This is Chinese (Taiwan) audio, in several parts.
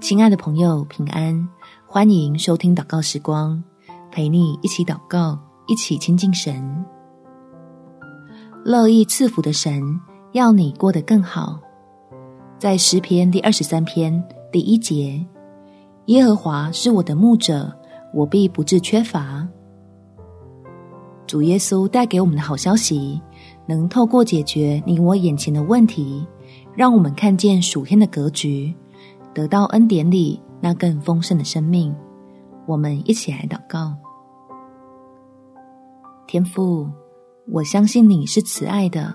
親愛的朋友，平安！歡迎收聽禱告時光，陪你一起禱告，一起親近神。樂意賜福的神，要你過得更好。在詩篇第二十三篇第一節，耶和華是我的牧者，我必不致缺乏。主耶穌帶給我們的好消息，能透過解決你我眼前的問題，讓我們看見屬天的格局。得到恩典裡那更豐盛的生命，我們一起來禱告。天父，我相信你是慈愛的，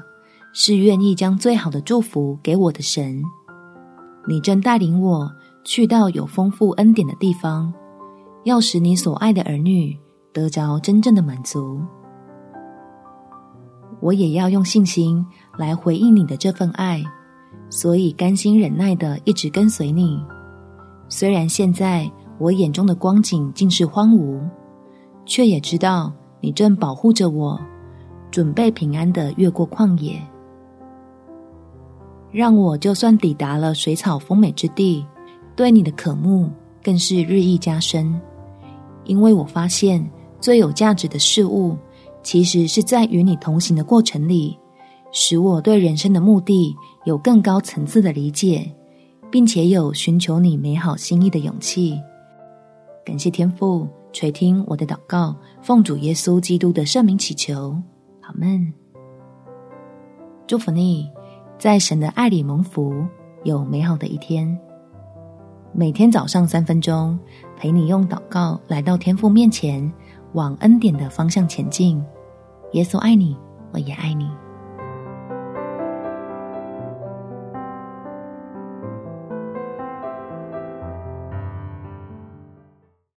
是願意將最好的祝福給我的神。你正帶領我去到有豐富恩典的地方，要使你所愛的兒女得着真正的滿足。我也要用信心來回應你的這份愛。所以，甘心忍耐的一直跟隨你。雖然現在我眼中的光景盡是荒蕪，卻也知道你正保護着我，準備平安的越過曠野。讓我就算抵達了水草豐美之地，對你的渴慕更是日益加深。因為我發現最有價值的事物，其實是在與你同行的過程裡。使我對人生的目的有更高層次的理解，並且有尋求你美好心意的勇氣。感謝天父垂聽我的禱告，奉主耶穌基督的聖名祈求。阿們。祝福你，在神的愛裡蒙福，有美好的一天。每天早上三分鐘，陪你用禱告來到天父面前，往恩典的方向前進。耶穌愛你，我也愛你。